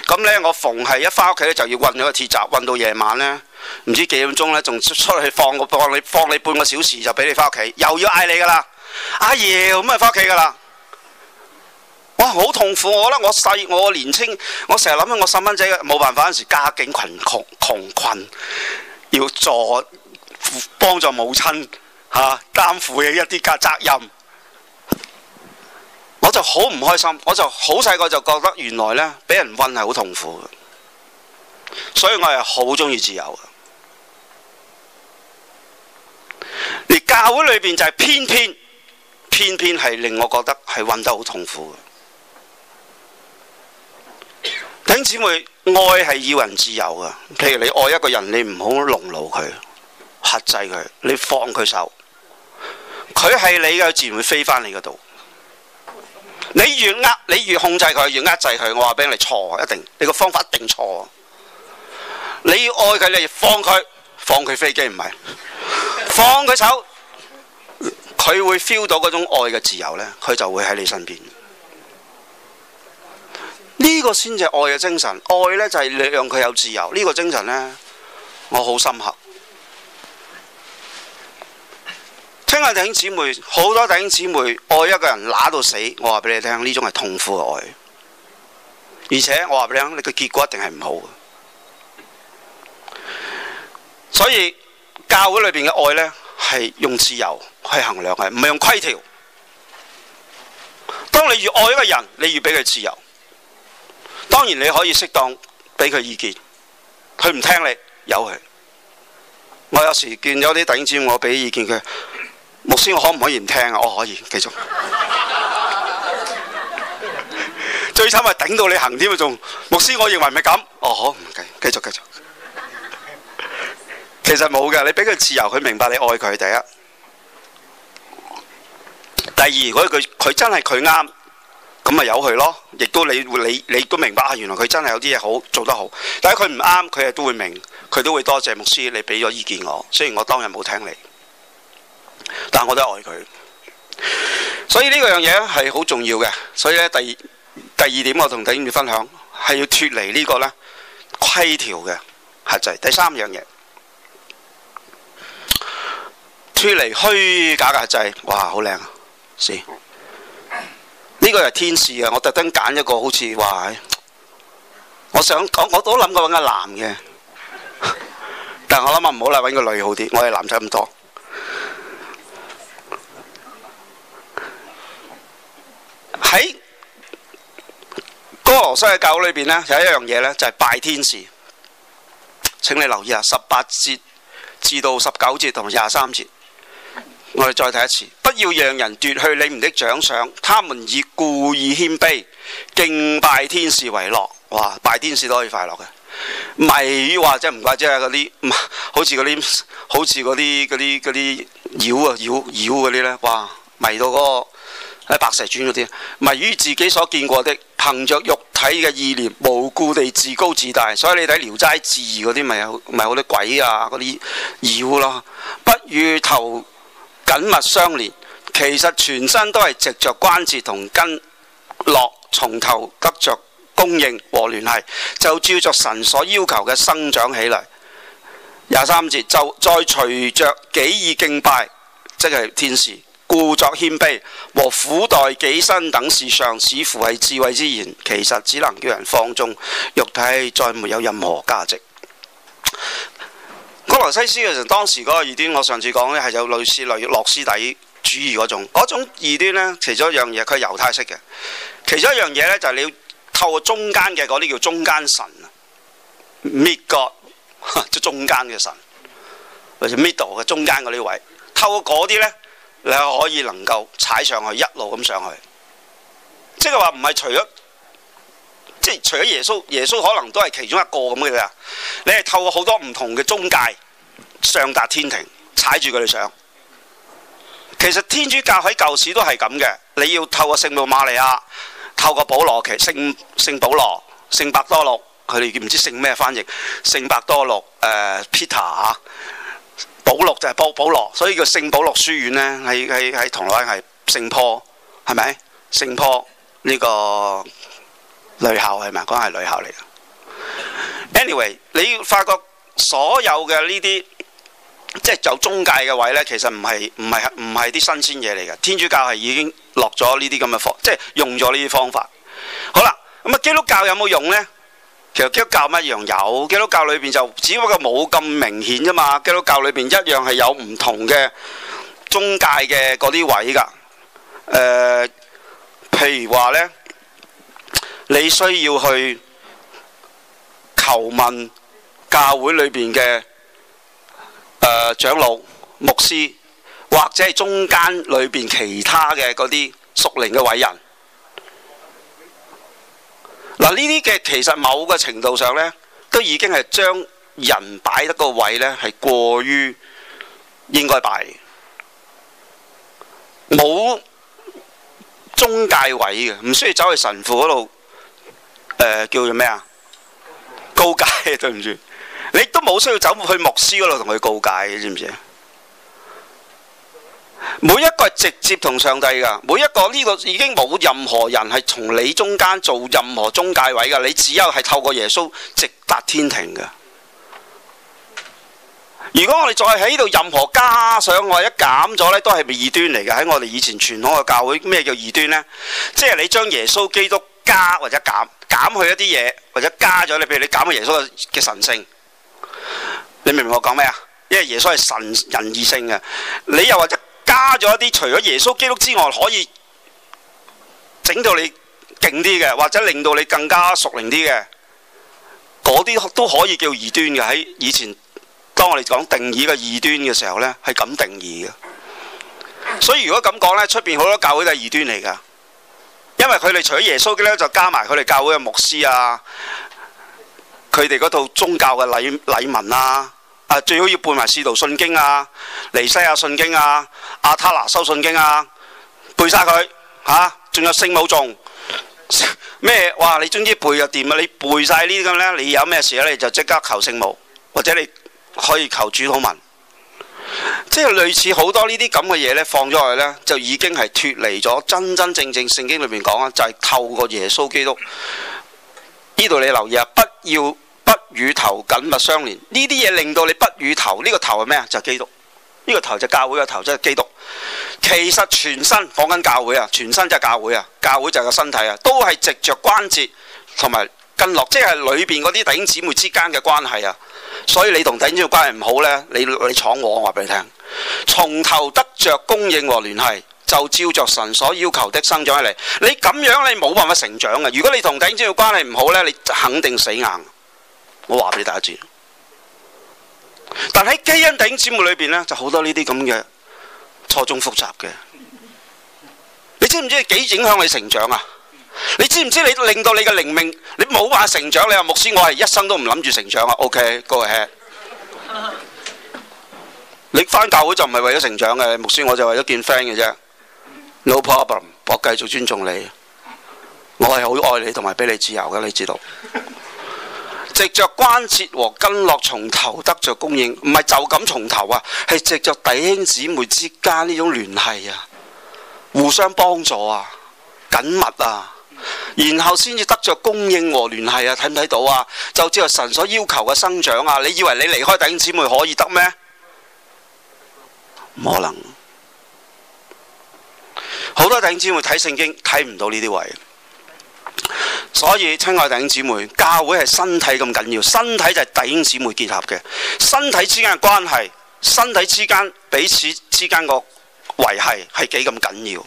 咁呢，我逢係一返屋企呢，就要運咗個鐵閘，運到夜晚呢，唔知幾點鐘呢，仲出去放個放你放你半個小時就俾你返屋企，又要嗌你噶啦，阿爺咁咪返屋企噶啦，哇好痛苦，我覺得我細我年青，我成日諗起我細蚊仔冇辦法，嗰時家境窮窮窮困，要助幫助母親吓，擔負起一啲嘅責任。我就好唔開心，我就好細個就覺得原來呢，俾人困係好痛苦的，所以我係好中意自由的。而教會裏邊就係偏偏偏偏係令我覺得係困得好痛苦嘅。聽 [laughs] 姊妹，愛係要人自由噶譬 [laughs] 如你愛一個人，你唔好籠牢佢、剋制佢，你放佢手，佢係你嘅，自然會飛翻你嗰度。你越呃，你越控制佢，越呃，制佢。我話俾你錯，一定，你個方法一定錯。你要愛佢，你放佢，放佢飛機唔係，放佢手，佢會 feel 到種愛嘅自由咧，佢就會喺你身邊。呢個先至係愛嘅精神，愛咧就係你讓佢有自由。呢個精神咧，我好深刻。聽下弟兄姊妹，好多弟兄姊妹愛一個人乸到死，我話俾你聽，呢種係痛苦嘅愛，而且我話俾你聽，你嘅結果一定係唔好嘅。所以教會裏邊嘅愛呢，係用自由去衡量嘅，唔係用規條。當你越愛一個人，你越俾佢自由。當然你可以適當俾佢意見，佢唔聽你由佢。我有時見有啲弟兄姊妹，我俾意見佢。牧師，我可唔可以唔聽啊？我，可以，繼續。 [laughs] 最慘係頂到你行添啊！仲牧師，我認為唔係咁。哦，好，唔計，繼續繼續。其實冇嘅，你俾佢自由，佢明白你愛佢第一。第二，如果佢佢真係佢啱，咁咪由佢咯。亦都你你你都明白啊，原來佢真係有啲嘢好做得好。但係佢唔啱，佢亦都會明，佢都會多謝牧師你俾咗意見我。雖然我當日冇聽你。但我都愛佢，所以呢個樣嘢咧係好重要嘅。所以咧第第二點，我同弟兄分享係要脫離呢個咧規條嘅限制。第三樣嘢脫離虛假嘅限制，哇，好靚啊！呢個係天使啊！我特登揀一個好似哇，我想我我都諗過揾個男嘅，但我諗下唔好啦，揾個女好啲。我係男仔咁多。歌羅西嘅教裏邊呢，有一樣嘢呢，就係、是、拜天使，請你留意下，十八節至到十九節同廿三節，我哋再睇一次、嗯，不要讓人奪去你們的獎賞，他們以故意謙卑敬拜天使為樂。哇，拜天使都可以快樂嘅，迷話真係唔怪，即係嗰啲好似嗰啲好似嗰啲嗰啲嗰啲妖啊妖妖嗰啲呢。哇迷到嗰、那個。白蛇傳嗰啲，迷於自己所見過的，憑着肉體嘅意念，無故地自高自大。所以你睇《聊齋志異》嗰啲，咪有咪有啲鬼啊，嗰啲妖咯。不與頭緊密相連，其實全身都係藉着關節同根落，從頭得着供應和聯繫，就照着神所要求嘅生長起嚟。廿三節就再隨着幾意敬拜，即係天使。故作謙卑和苦待己身等事上，似乎係智慧之言，其實只能叫人放縱肉體，再沒有任何價值。哥羅西書嘅人當時嗰個異端，我上次講咧，係有類似類洛斯底主義嗰種嗰種異端呢，其中一樣嘢，佢係猶太式嘅，其中一樣嘢呢，就係你要透過中間嘅嗰啲叫中間神 m i g e 即中間嘅神或者 middle 嘅中間嗰啲位，透過嗰啲呢。你可以能夠踩上去，一路咁上去，即係話唔係除咗，即係除咗耶穌，耶穌可能都係其中一個咁嘅咋。你係透過好多唔同嘅中介上達天庭，踩住佢哋上。其實天主教喺舊時都係咁嘅，你要透過聖母瑪利亞，透過保羅其聖聖保羅、聖伯多祿，佢哋唔知道聖咩翻譯，聖伯多祿誒、呃、Peter。保祿就係保保羅，所以叫聖保祿書院咧，喺喺喺銅鑼灣係聖坡，係咪聖坡呢個女校係咪？講係、那個、女校嚟嘅。Anyway，你發覺所有嘅呢啲，即係就中介嘅位咧，其實唔係唔係唔係啲新鮮嘢嚟嘅。天主教係已經落咗呢啲咁嘅方，即係用咗呢啲方法。好啦，咁啊，基督教有冇用咧？其實基督教一樣有？基督教裏邊就只不過冇咁明顯啫嘛。基督教裏邊一樣係有唔同嘅中介嘅嗰啲位噶。誒、呃、譬如話咧，你需要去求問教會裏邊嘅誒長老、牧師或者係中間裏邊其他嘅嗰啲屬靈嘅偉人。嗱，呢啲嘅其實某個程度上呢，都已經係將人擺得個位呢，係過於應該擺的，冇中介位嘅，唔需要走去神父嗰度、呃、叫做咩啊告解啊，對唔住，你都冇需要走去牧師嗰度同佢告解嘅，知唔知？每一個係直接同上帝噶，每一個呢、這個已經冇任何人係從你中間做任何中介位噶，你只有係透過耶穌直達天庭噶。如果我哋再喺呢度任何加上或者減咗呢，都係異端嚟噶。喺我哋以前傳統嘅教會，咩叫異端呢？即係你將耶穌基督加或者減，減去一啲嘢，或者加咗你，譬如你減去耶穌嘅神性，你明唔明我講咩啊？因為耶穌係神人二性嘅，你又或者。加咗一啲除咗耶穌基督之外，可以整到你勁啲嘅，或者令到你更加屬靈啲嘅，嗰啲都可以叫異端嘅。喺以前，當我哋講定義嘅異端嘅時候呢，係咁定義嘅。所以如果咁講呢，出邊好多教會都係異端嚟噶，因為佢哋除咗耶穌基督，就加埋佢哋教會嘅牧師啊，佢哋嗰套宗教嘅禮禮文啦、啊。啊，最好要背埋《使徒信經》啊，《尼西亞信經》啊，《阿他拿修信經》啊，背晒佢吓。仲有聖母仲咩？哇！你總之背就掂啊。你背晒呢啲咁呢，你有咩事呢，你就即刻求聖母，或者你可以求主禱文。即係類似好多呢啲咁嘅嘢呢，放咗落去呢，就已經係脫離咗真真正正聖經裏面講啊，就係透過耶穌基督。呢度你留意啊，不要。不與頭緊密相連呢啲嘢，這些令到你不與頭呢、這個頭係咩啊？就係、是、基督呢、這個頭就是教會個頭，即係基督。其實全身講緊教會啊，全身就係教會啊，教會就係個身體啊，都係藉着關節同埋筋絡即係、就是、裏邊嗰啲弟兄姊妹之間嘅關係啊。所以你同弟兄姊妹關係唔好呢，你你闖禍，我話俾你聽。從頭得着供應和聯繫，就照着神所要求的生長起嚟。你咁樣，你冇辦法成長嘅。如果你同弟兄姊妹關係唔好呢，你肯定死硬。我話俾大家知，但喺基因頂節目裏邊呢，就好多呢啲咁嘅錯綜複雜嘅。你知唔知幾影響你成長啊？你知唔知道你令到你嘅靈命？你冇話成長，你話牧師，我係一生都唔諗住成長啊。OK，各位。你翻教會就唔係為咗成長嘅，牧師我就為咗見 friend 嘅啫。No problem，我繼續尊重你，我係好愛你同埋俾你自由嘅，你知道。藉着關節和筋絡從頭得着供應，唔係就咁從頭啊，係藉著弟兄姊妹之間呢種聯繫啊，互相幫助啊，緊密啊，然後先至得着供應和聯繫啊，睇唔睇到啊？就只係神所要求嘅生長啊！你以為你離開弟兄姊妹可以得咩？唔可能。好多弟兄姊妹睇聖經睇唔到呢啲位。所以，親愛弟兄姊妹，教會係身體咁緊要，身體就係弟兄姊妹結合嘅，身體之間嘅關係，身體之間彼此之間個維繫係幾咁緊要，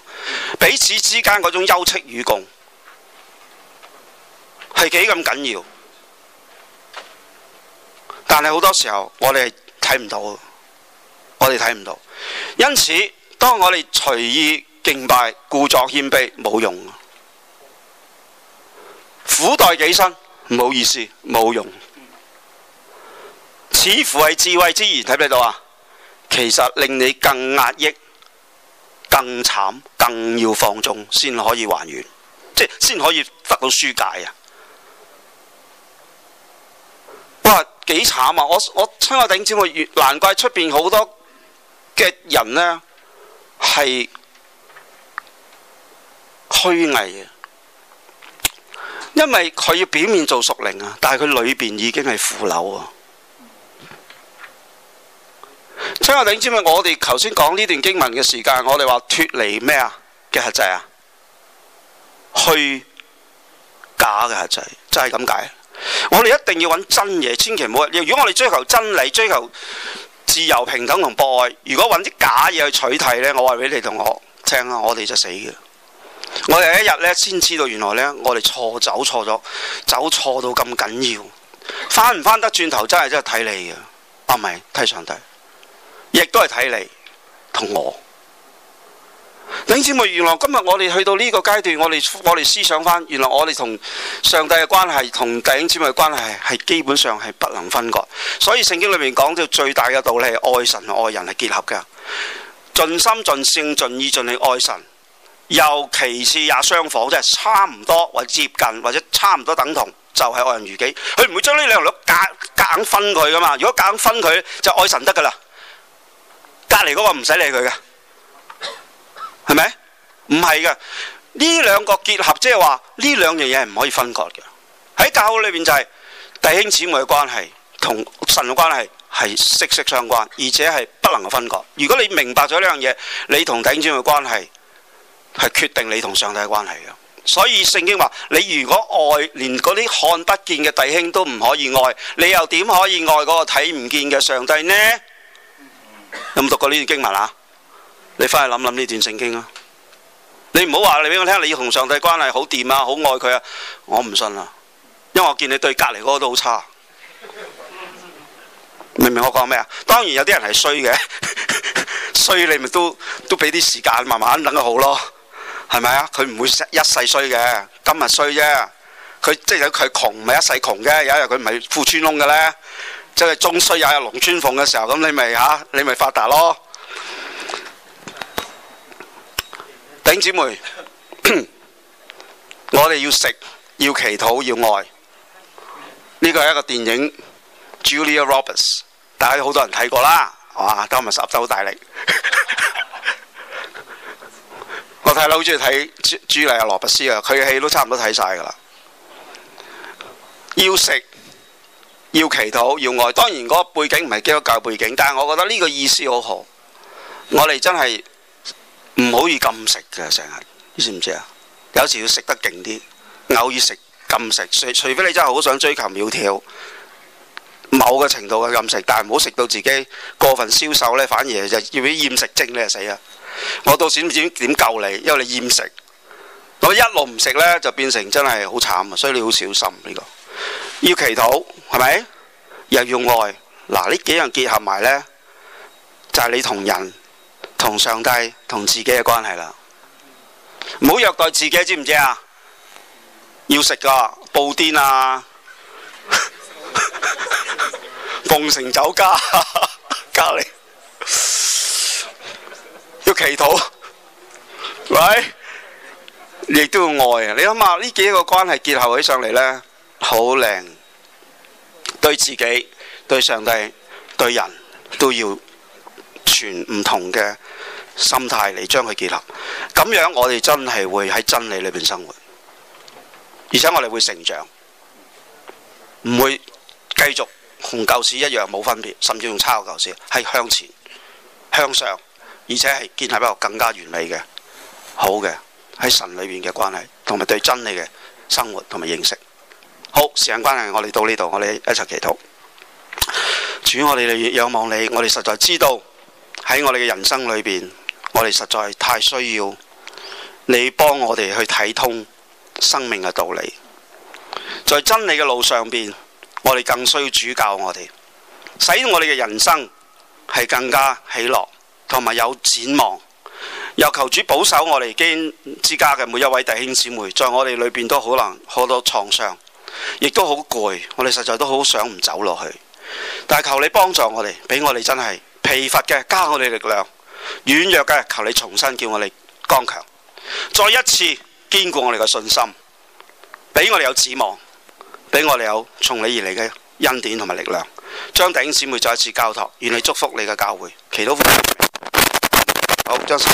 彼此之間嗰、嗯、種休戚與共係幾咁緊要，但係好多時候我哋係睇唔到，我哋睇唔到，因此當我哋隨意敬拜、故作謙卑，冇用。苦待己身，唔好意思，冇用，似乎係智慧之言，睇唔睇到啊？其實令你更壓抑、更慘、更要放縱，先可以還原，即係先可以得到舒解啊！哇，幾慘啊！我我聽我頂尖我越難怪出邊好多嘅人呢係虛偽嘅。因為佢要表面做熟齡啊，但係佢裏邊已經係腐朽啊！嗯，請我哋知唔知？我哋頭先講呢段經文嘅時間，我哋話脱離咩啊嘅限制啊，去假嘅限制，就係咁解。我哋一定要揾真嘢，千祈唔好。如果我哋追求真理、追求自由、平等同博愛，如果揾啲假嘢去取替呢，我話俾你同學聽啊，我哋就死嘅。我有一日咧，先知道原來咧，我哋錯走錯咗，走錯到咁緊要，翻唔翻得轉頭真係真係睇你嘅啊，唔係睇上帝，亦都係睇你同我弟兄姊妹。原來今日我哋去到呢個階段，我哋我哋思想翻，原來我哋同上帝嘅關係同弟兄姊妹嘅關係係基本上係不能分割。所以聖經裏面講到最大嘅道理係愛神和愛人係結合噶，盡心盡性盡意盡力愛神。又其次也相仿，即係差唔多或者接近或者差唔多等同，就係、是、愛人如己。佢唔會將呢兩條律夾硬分佢噶嘛。如果夾硬分佢，就愛神得噶啦。隔離嗰個唔使理佢嘅，係咪？唔係嘅，呢兩個結合就是，即係話呢兩樣嘢唔可以分割嘅。喺教裏邊就係、是、弟兄姊妹嘅關係同神嘅關係係息息相關，而且係不能夠分割。如果你明白咗呢樣嘢，你同弟兄姊妹嘅關係，係決定你同上帝嘅關係嘅，所以聖經話：你如果愛連嗰啲看不見嘅弟兄都唔可以愛，你又點可以愛嗰個睇唔見嘅上帝呢？ [coughs] 有冇讀過呢段經文啊？你翻去諗諗呢段聖經咯啊。你唔好話你俾我聽，你同上帝關係好掂啊，好愛佢啊，我唔信啊！因為我見你對隔籬嗰個都好差。明唔明我講咩啊？當然有啲人係衰嘅，衰你咪都都俾啲時間慢慢等佢好咯。係咪啊？佢唔會一世衰嘅，今日衰啫。佢即係佢窮唔係一世窮嘅，有一日佢唔係富穿窿嘅咧，即係終須有日龍穿鳳嘅時候，咁你咪吓，你咪發達咯。頂姐妹，我哋要食，要祈禱，要愛。呢個係一個電影，Julia Roberts，大家好多人睇過啦，係嘛？今日十州大力。 [laughs] 我太好中意睇朱莉亞羅伯斯啊！佢嘅戲都差唔多睇晒噶啦。要食，要祈禱，要愛、呃。當然嗰個背景唔係基督教背景，但係我覺得呢個意思好好。我哋真係唔可以禁食嘅，成日你知唔知啊？有時要食得勁啲，偶爾食禁食，所以，除非你真係好想追求苗條，某個程度嘅禁食，但係唔好食到自己過分消瘦呢，反而就要畀厭食症咧，死啊！我到時唔知點救你，因為你厭食，我一路唔食呢，就變成真係好慘啊！所以你好小心呢個，要祈禱係咪？又要愛嗱，呢幾樣結合埋呢，就係你同人、同上帝、同自己嘅關係啦。唔好虐待自己，知唔知啊？要食噶布甸啊，鳳城酒家 [laughs] 隔籬。祈禱，喂，你亦都要愛啊！你諗下呢幾個關係結合起上嚟呢，好靚。對自己、對上帝、對人都要全唔同嘅心態嚟將佢結合。咁樣我哋真係會喺真理裏邊生活，而且我哋會成長，唔會繼續同舊時一樣冇分別，甚至仲差過舊時。係向前、向上。而且係建立比較更加完美嘅好嘅喺神裏面嘅關係，同埋對真理嘅生活同埋認識。好，時間關係，我哋到呢度，我哋一齊祈禱。主，我哋仰望你，我哋實在知道喺我哋嘅人生裏邊，我哋實在太需要你幫我哋去睇通生命嘅道理。在真理嘅路上邊，我哋更需要主教我哋，使我哋嘅人生係更加喜樂。同埋有展望，又求主保守我哋基恩之家嘅每一位弟兄姊妹，在我哋裏邊都可能好多創傷，亦都好攰，我哋實在都好想唔走落去。但求你幫助我哋，俾我哋真係疲乏嘅，加我哋力量，軟弱嘅求你重新叫我哋剛強，再一次堅固我哋嘅信心，俾我哋有指望，俾我哋有從你而嚟嘅恩典同埋力量。張鼎姊妹再一次教堂，願你祝福你嘅教會，祈禱。好，張生。